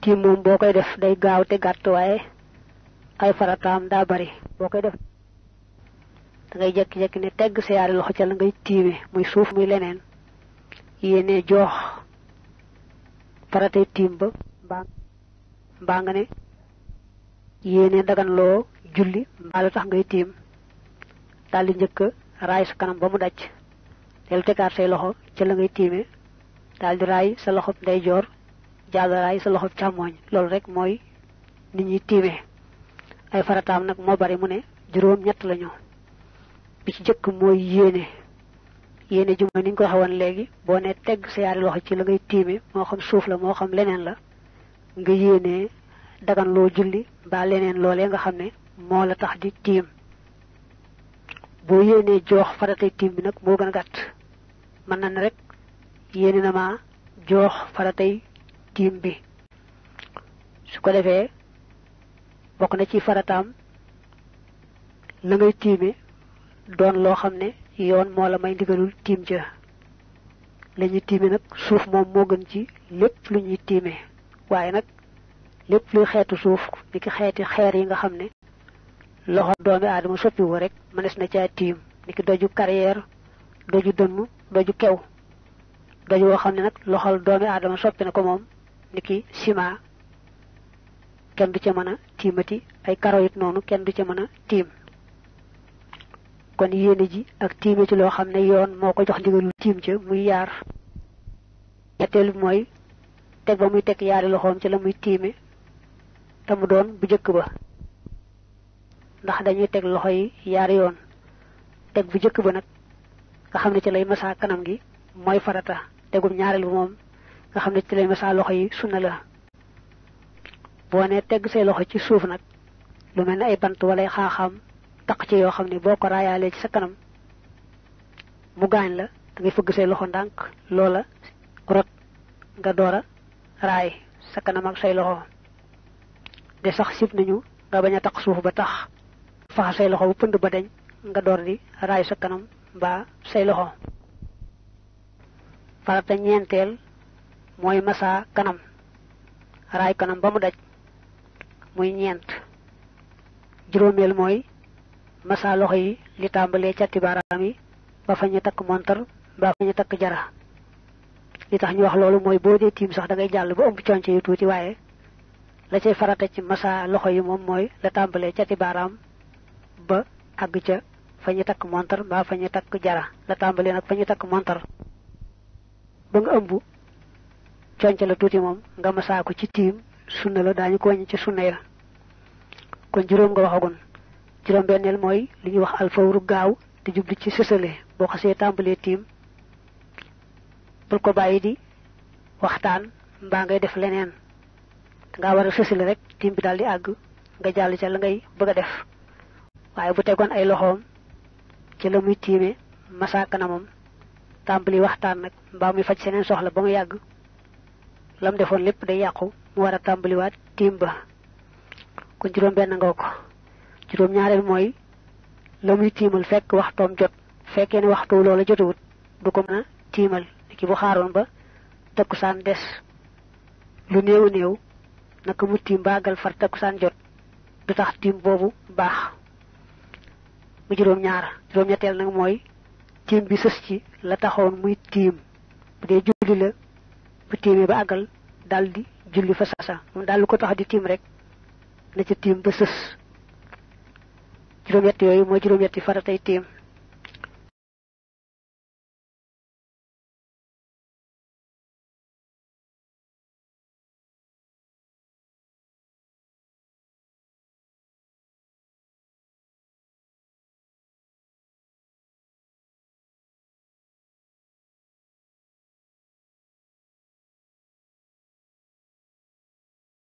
ki mom bokoy def day gaaw te gàtt waaye ay farataam daa bari boo koy def da ngay jekki-jekki ne tegg sa yaari loxo ca la ngay tiime muy suuf muy leneen yéene joox faratay tiim ba mbaa mbaa nga ne yéene dagan loo julli mbaa lu tax ngay tiim daal di njëkk raay sa kanam ba mu daj del tegaat say loxo ca la ngay tiime daal di raay sa loxo ndey joor jaabaraay sa loxo càmmoñ loolu rek mooy nit ñuy tiimee ay farataam nag moo bari mu ne juróom ñett lañu bi ci jëkk mooy yéene yéene ji mooy ni ñu ko waxee léegi boo ne tegg sa yaari loxo ci la ngay tiime moo xam suuf la moo xam leneen la nga yéene dagan julli mbaa leneen loole nga xam ne moo la tax di tiim boo yéenee joox faratay tiim bi nag moo gën a gàtt mën na ne rek yéene na ma joox faratay tiim bi su ko defee bokk na ci farataam la ngay tiime doon loo xam ne yoon moo la may ndigalul tiim ca la ñuy tiime nag suuf moom moo gën ci lépp lu ñuy tiime waaye nag lépp luy xeetu suuf ni ki xeeti xeer yi nga xam ne loxo doomi aadama soppiwu rek mënees na caa tiim ni ki doju carrière doju dënnu doju kew doj woo xam ne nag loxol doomi aadama soppi na ko moom niki ciment kenn du ci mën a tiimati ay karo it noonu kenn du ci mën a tiim kon yéene ji ak tiime ci loo xam ne yoon moo ko jox ndigalul tiim ca muy yaar ñetteelu mooy teg ba muy teg yaari loxoom ci la muy tiime te mu doon bu jëkk ba ndax dañuy teg loxo yi yaari yoon teg bu jëkk ba nag nga xam ne ci lay masaa kanam gi mooy farata tegum ñaareel bi moom nga xamne ci lay massa loxo yi sunna la bo ne tegg say loxo ci suuf nak lu melni ay bant walay xaxam tak ci yo xamne boko rayale ci sa kanam mu gañ la da ngay fëgg say loxo ndank lola rot nga dora ray sa kanam ak say loxo de sax nañu nga baña tak suuf ba tax fa say loxo bu pënd ba dañ nga dor di ray sa kanam ba say loxo ñentel mooy masa kanam raay kanam ba mu daj muy ñeent juróomeel mooy massa loxo yi li tàmbalee catti baaraam yi ba fa ñu takk montar ba fa ñu takk jara li tax ñu wax loolu mooy boo dee tiim sax da ngay jàll ba ëmb conce yu tuuti waaye la cay farata ci massa loxo yi moom mooy la tàmbalee ba àgg ca fa ñu takk ba fa ñu jara la tàmbalee nag fa ñu takk ba nga ëmb conc la tuuti moom nga masaa ko ci tiim sunna la daañu ko wàññi ci sunna ya kon juróom nga waxagun juróom benneel mooy li ñuy wax alfawru gaaw te jubli ci sësale boo xasee tàmbalee tiim bul ko bàyyi di waxtaan mbaa ngay def leneen nga war a sësale rek tiim bi daal di àgg nga jàll ca la ngay bëgg a def waaye bu tegoon ay loxoom ci la muy tiime masaa tàmbali waxtaan nag mbaa muy faj seneen soxla ba nga yàgg lam defon lepp day yàqu mu wara tambali wat timba ku juróom ben nga ko juróom ñaareel mooy la muy tiimal fekk waxtoom jot fekkee waxtu lolu jotewut du ko ki bu xaron ba takusan des lu neew neew timba mu timba gal far takkusaan jot du tax tim bobu bax mu juróom ñaar juróom ñettel nak moy tim bi seus ci la taxawon muy tim bu de julli la bu tiimee ba àggal daal di julli fa sasa moom dal ko tax di tim rek na ca tiim ba sës juróom-ñett yooyu mooy juróom faratay tiim